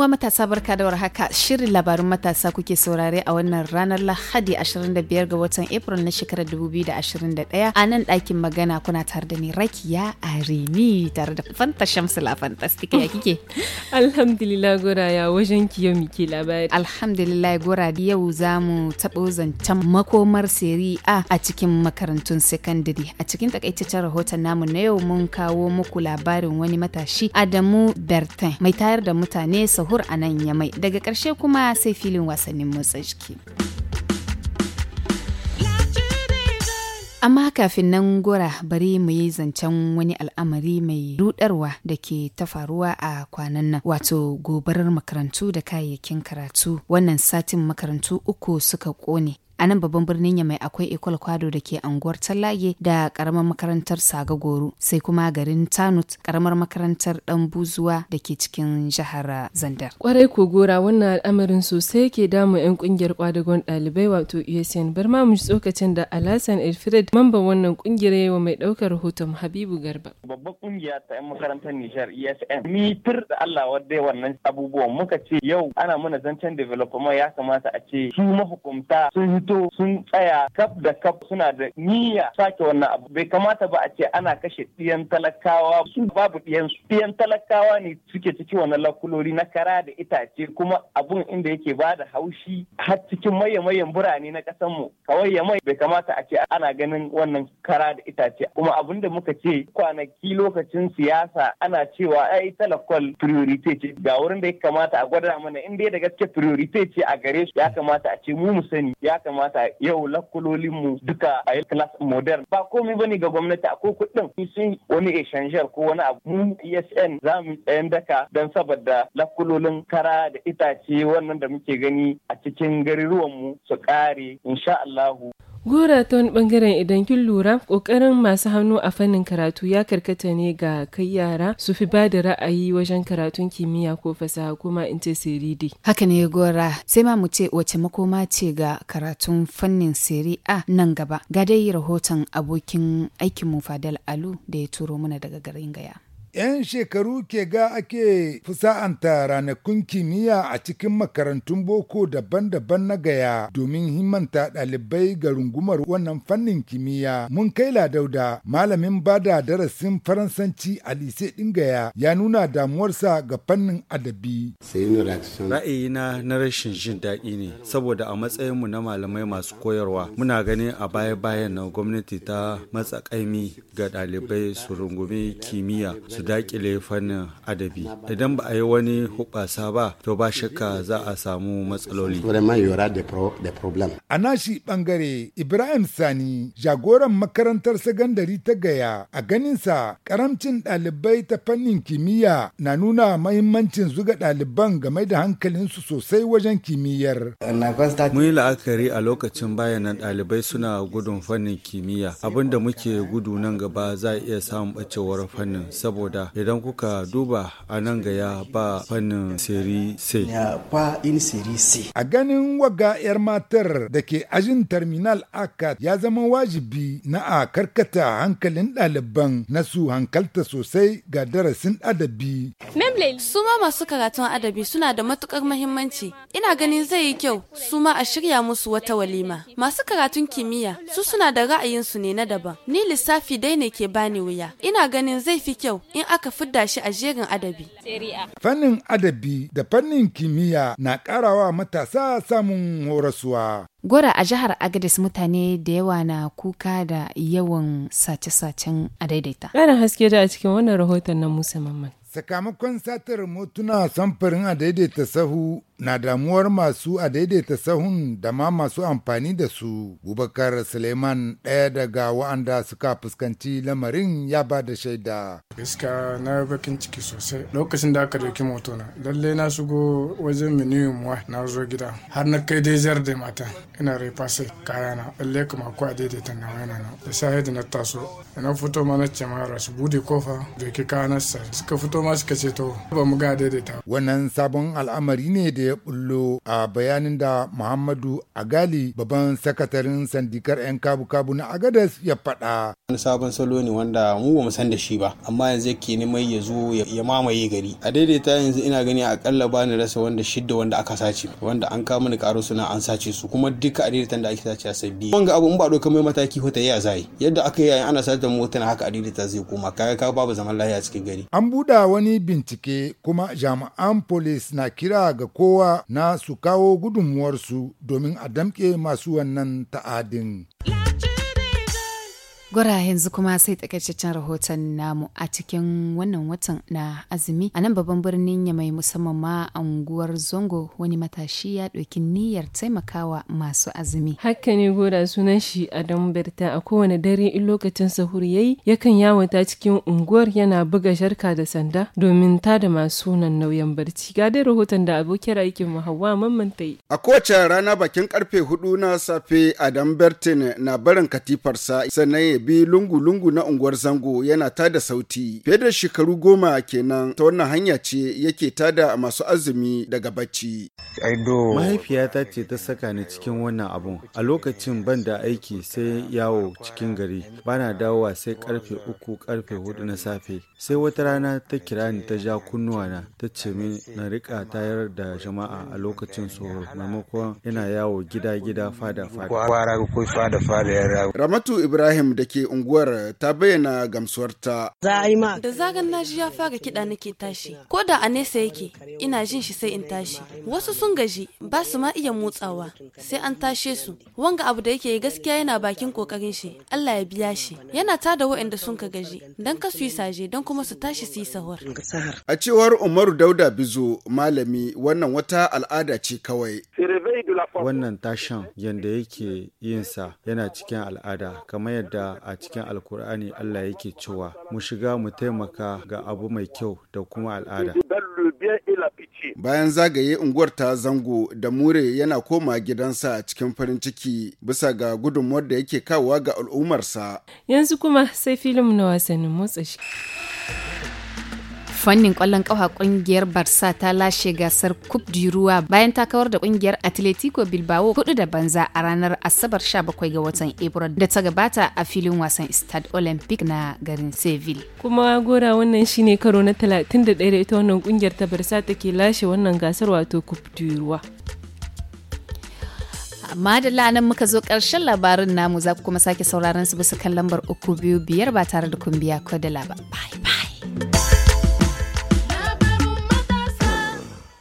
uwa matasa barka da warhaka shirin labarun matasa kuke saurare a wannan ranar Lahadi 25 ga watan April na shekarar 2021 a nan ɗakin magana kuna tare da ni Rakiya Arimi tare da Fanta fanta Fantastika ya kike. Alhamdulillah gora ya wajen kiyo miki labari. Alhamdulillah gora yau za mu taɓo zancen makomar seri A a cikin makarantun sakandare. A cikin takaitaccen rahoton namu na yau mun kawo muku labarin wani matashi Adamu Bertin mai tayar da mutane sahu sahur a nan ya mai daga ƙarshe kuma sai filin wasannin motsa jiki. Amma kafin nan gora bari mu yi zancen wani al'amari mai rudarwa da ke ta faruwa a kwanan nan wato gobarar makarantu da kayayyakin karatu wannan satin makarantu uku suka kone A nan babban birnin Yamai akwai Ecole Kwado da ke anguwar Tallaye da karamar makarantar Sagagoro, sai kuma garin Tanut karamar makarantar Dan Buzuwa da ke cikin jihar Zandar. Kwarai ko gora wannan al'amarin sosai ke damu 'yan kungiyar kwadagon ɗalibai wato USN bar ma mu tsokacin da Alhassan Elfred mamban wannan kungiyar yawa mai ɗaukar hoton Habibu Garba. babban kungiya ta 'yan makarantar Nijar ESN. Ni fir da Allah wadda wannan abubuwan muka ce yau ana mana zancen development ya kamata a ce su mahukumta sun fito sun tsaya kaf da kaf suna da niyya sake wannan abu bai kamata ba a ce ana kashe ɗiyan talakawa su babu ɗiyan su. ɗiyan talakawa ne suke ciki wannan lakulori na kara da itace kuma abun inda yake ba da haushi har cikin maye-mayen birane na ƙasar mu kawai ya mai bai kamata a ce ana ganin wannan kara da itace kuma abun da muka ce kwanaki lokacin siyasa ana cewa ai talakwal priority ce ga wurin da ya kamata a gwada mana inda ya da gaske priority ce a gare su ya kamata a ce mu mu sani ya kamata kamata yau lakulolinmu duka a yi class modern ba komai bane ga gwamnati a ko kuɗin sun wani exchanger ko wani abu mu ESN za mu tsayan daka don saboda lakulolin kara da itace wannan da muke gani a cikin garuruwanmu su kare insha Allahu Gora ta wani bangaren idan kin lura kokarin masu hannu a fannin karatu ya karkata ne ga kai yara su fi ba da ra'ayi wajen karatun kimiyya ko fasaha kuma in ce siridi. Haka ne gora sai ma mu ce wace makoma ce ga karatun fannin siri a nan gaba. Ga rahoton abokin aikinmu Fadal Alu da ya turo mana daga garin Gaya. 'Yan shekaru ke ga ake fusa'anta ranakun kimiyya a cikin makarantun boko daban-daban na gaya domin himmanta ɗalibai ga rungumar wannan fannin kimiyya. Mun kai ladauda malamin bada darasin Faransanci a lise ɗin gaya ya nuna damuwarsa ga fannin adabi. Ra'ayina na rashin jin daɗi ne, saboda a matsayinmu na malamai masu koyarwa muna ganin a baya-bayan na gwamnati ta matsakaimi ga ɗalibai su rungumi kimiyya su dakile fannin adabi idan ba a yi wani hubasa ba to ba shakka za a samu matsaloli a nashi bangare ibrahim sani jagoran makarantar sagandari ta gaya a ganinsa karamcin ɗalibai ta fannin kimiyya na nuna mahimmancin zuga ɗaliban game da hankalinsu sosai wajen kimiyyar mun yi la'akari a lokacin bayanan ɗalibai suna gudun fannin kimiyya abinda muke gudu nan gaba za a iya samun bacewar fannin saboda guda idan kuka duba a nan gaya ba fannin seri a ganin waga 'yar matar da ke ajin terminal aka ya zama wajibi na a karkata hankalin ɗaliban na su hankalta sosai ga darasin adabi su ma masu karatun adabi suna da matukar mahimmanci ina ganin zai yi kyau su ma a shirya musu wata walima masu karatun kimiyya su suna da ra'ayinsu ne na daban ni lissafi dai ne ke bani wuya ina ganin zai fi kyau in aka fidda shi a jegin adabi. Fannin adabi da fannin kimiyya na karawa matasa samun rasuwa. Gora a jihar Agadis mutane da yawa na kuka da yawan sace-sacen a daidaita. Ƙarin haske da a cikin wannan rahoton na Musa Mamman. Sakamakon satar motuna samfarin a daidaita sahu na damuwar masu a daidaita sahun da ma masu amfani da su. Bubakar Suleiman ɗaya daga wa'anda suka fuskanci lamarin ya ba da shaida. Iska na bakin ciki sosai lokacin da aka dauki motona. Lalle na shigo wajen miniyum wa na zo gida har na kai dai jar da mata ina kaya kayana lalle kuma ko a daidaita na wani na da shahidi na taso na fito ma na ce mara su bude kofa dauki sa. suka fito ma suka ce to ba mu ga daidaita. Wannan sabon al'amari ne da ya bullo a bayanin da Muhammadu Agali babban sakatarin sandikar 'yan kabu-kabu na Agadas ya faɗa. Wani sabon salo ne wanda mu ba mu san da shi ba, amma yanzu yake neman ya zo ya mamaye gari. A daidaita yanzu ina gani akalla ba ni rasa wanda shidda wanda aka sace, wanda an kama ni karo suna an sace su kuma duka a daidaitan da ake sace a sabbi. Wanga abu in ba doka mai mataki yi a zai. Yadda aka yi ana sace tana haka a daidaita zai koma kaga ka babu zaman lafiya cikin gari. An buɗa wani bincike kuma jami'an polis na kira ga kowa yawa na su kawo gudunmuwarsu domin a damƙe masu wannan ta'adin. Gwara yanzu kuma sai takaitaccen rahoton namu a cikin wannan watan na azumi a nan babban birnin ya mai musamman ma anguwar zongo wani matashi ya ɗauki niyyar taimakawa masu azumi. Haka ne gora sunan shi Adamu Berta a kowane dare in lokacin sahur yayi yakan yawata cikin unguwar yana buga sharka da sanda domin ta da masu nan nauyin barci. Ga dai rahoton da abokin aikin mu Hawwa Mamman ta yi. A kowace rana bakin karfe hudu na safe Adamu Bertin na barin katifarsa sannan bi lungu-lungu na unguwar zango yana tada sauti fiye da shekaru goma kenan ta wannan hanya ce yake tada masu azumi daga bacci mahaifiyata ce ta saka ni cikin wannan abun a lokacin ban da aiki sai yawo cikin gari bana dawowa sai karfe uku karfe hudu na safe sai wata rana ta kira ni ta ja kunnuwana ta ce min na rika tayar da jama'a a lokacin tsoro maimakon yana yawo gida-gida fada-fada ramatu ibrahim da ke unguwar ta bayyana gamsuwarta. Da zagan na ji ya fara kiɗa nake tashi, ko da a nesa yake ina jin shi sai in tashi. Wasu sun gaji ba su ma iya motsawa sai an tashe su. Wanga abu da yake gaskiya yana bakin kokarin shi, Allah ya biya shi. Yana ta da waɗanda sun ka gaji don ka su yi saje don kuma su tashi su yi sahur. A cewar Umaru Dauda bizu malami wannan wata al'ada ce kawai. Wannan tashan yadda yake yinsa yana cikin al'ada kamar yadda a cikin alkur'ani Allah yake cewa mu shiga mu taimaka ga abu mai kyau da kuma al'ada. Bayan zagaye unguwar ta zango da mure yana koma gidansa a cikin farin ciki bisa ga gudunmuwar da yake kawowa ga al'ummarsa. Yanzu kuma sai filim na wasannin motsa shi. fannin kwallon kafa kungiyar barsa ta lashe gasar cup du ruwa bayan ta kawar da kungiyar atletico bilbao hudu da banza a ranar asabar 17 ga watan april da ta gabata a filin wasan stade olympic na garin seville kuma gora wannan shine karo na 31 da ita wannan kungiyar ta barsa take lashe wannan gasar wato cup du ruwa amma da lanan muka zo ƙarshen labarin namu za ku kuma sake sauraron su bisa kan lambar uku biyu biyar ba tare da kumbiya ko da laba. Bye.